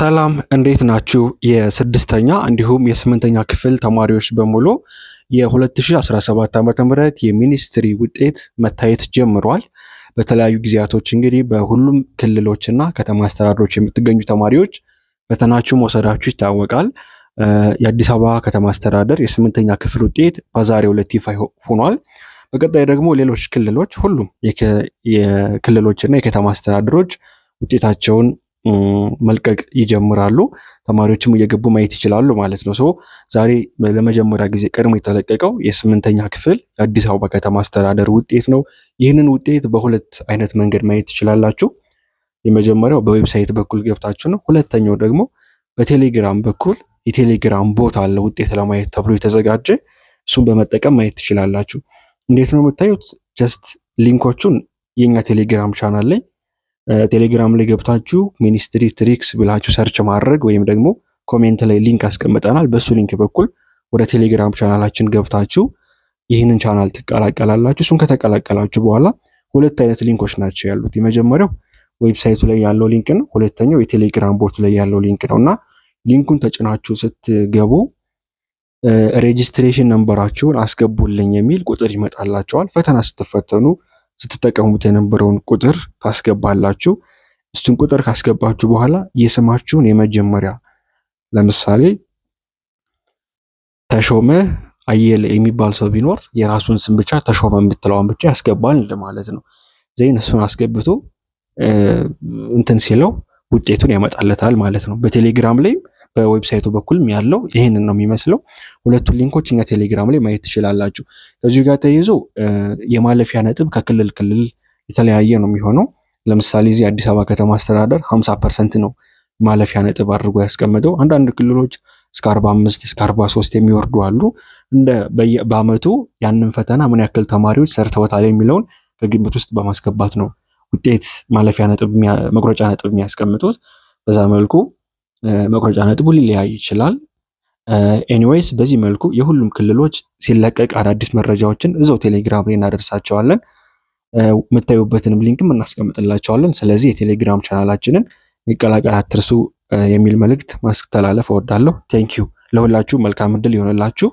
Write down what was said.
ሰላም እንዴት ናችሁ? የስድስተኛ እንዲሁም የስምንተኛ ክፍል ተማሪዎች በሙሉ የ2017 ዓ ም የሚኒስትሪ ውጤት መታየት ጀምሯል። በተለያዩ ጊዜያቶች እንግዲህ በሁሉም ክልሎችና ከተማ አስተዳደሮች የምትገኙ ተማሪዎች ፈተናችሁ መውሰዳችሁ ይታወቃል። የአዲስ አበባ ከተማ አስተዳደር የስምንተኛ ክፍል ውጤት በዛሬው ዕለት ይፋ ሆኗል። በቀጣይ ደግሞ ሌሎች ክልሎች ሁሉም የክልሎችና የከተማ አስተዳደሮች ውጤታቸውን መልቀቅ ይጀምራሉ። ተማሪዎችም እየገቡ ማየት ይችላሉ ማለት ነው። ዛሬ ለመጀመሪያ ጊዜ ቀድሞ የተለቀቀው የስምንተኛ ክፍል የአዲስ አበባ ከተማ አስተዳደር ውጤት ነው። ይህንን ውጤት በሁለት አይነት መንገድ ማየት ትችላላችሁ። የመጀመሪያው በዌብሳይት በኩል ገብታችሁ ነው። ሁለተኛው ደግሞ በቴሌግራም በኩል የቴሌግራም ቦታ አለ ውጤት ለማየት ተብሎ የተዘጋጀ እሱን በመጠቀም ማየት ትችላላችሁ። እንዴት ነው የምታዩት? ጀስት ሊንኮቹን የኛ ቴሌግራም ቻናል ላይ ቴሌግራም ላይ ገብታችሁ ሚኒስትሪ ትሪክስ ብላችሁ ሰርች ማድረግ ወይም ደግሞ ኮሜንት ላይ ሊንክ አስቀምጠናል። በሱ ሊንክ በኩል ወደ ቴሌግራም ቻናላችን ገብታችሁ ይህንን ቻናል ትቀላቀላላችሁ። እሱን ከተቀላቀላችሁ በኋላ ሁለት አይነት ሊንኮች ናቸው ያሉት። የመጀመሪያው ዌብሳይቱ ላይ ያለው ሊንክ ነው። ሁለተኛው የቴሌግራም ቦት ላይ ያለው ሊንክ ነው እና ሊንኩን ተጭናችሁ ስትገቡ ሬጂስትሬሽን ነንበራችሁን አስገቡልኝ የሚል ቁጥር ይመጣላቸዋል። ፈተና ስትፈተኑ ስትጠቀሙት የነበረውን ቁጥር ታስገባላችሁ። እሱን ቁጥር ካስገባችሁ በኋላ የስማችሁን የመጀመሪያ ለምሳሌ ተሾመ አየለ የሚባል ሰው ቢኖር የራሱን ስም ብቻ ተሾመ የምትለዋን ብቻ ያስገባል ማለት ነው። ዜን እሱን አስገብቶ እንትን ሲለው ውጤቱን ያመጣለታል ማለት ነው። በቴሌግራም ላይም በዌብሳይቱ በኩልም ያለው ይህንን ነው የሚመስለው። ሁለቱን ሊንኮች እኛ ቴሌግራም ላይ ማየት ትችላላችሁ። ከዚሁ ጋር ተይዞ የማለፊያ ነጥብ ከክልል ክልል የተለያየ ነው የሚሆነው። ለምሳሌ እዚህ አዲስ አበባ ከተማ አስተዳደር 50 ፐርሰንት ነው ማለፊያ ነጥብ አድርጎ ያስቀምጠው። አንዳንድ ክልሎች እስከ 45 እስከ 43 የሚወርዱ አሉ። እንደ በአመቱ ያንን ፈተና ምን ያክል ተማሪዎች ሰርተውታል የሚለውን ከግምት ውስጥ በማስገባት ነው ውጤት ማለፊያ ነጥብ መቁረጫ ነጥብ የሚያስቀምጡት በዛ መልኩ መቁረጫ ነጥቡ ሊለያይ ይችላል። ኤኒዌይስ በዚህ መልኩ የሁሉም ክልሎች ሲለቀቅ አዳዲስ መረጃዎችን እዛው ቴሌግራም ላይ እናደርሳቸዋለን። የምታዩበትንም ሊንክም እናስቀምጥላቸዋለን። ስለዚህ የቴሌግራም ቻናላችንን ይቀላቀል አትርሱ የሚል መልእክት ማስተላለፍ እወዳለሁ። ቴንኪዩ ለሁላችሁ መልካም እድል ይሆንላችሁ።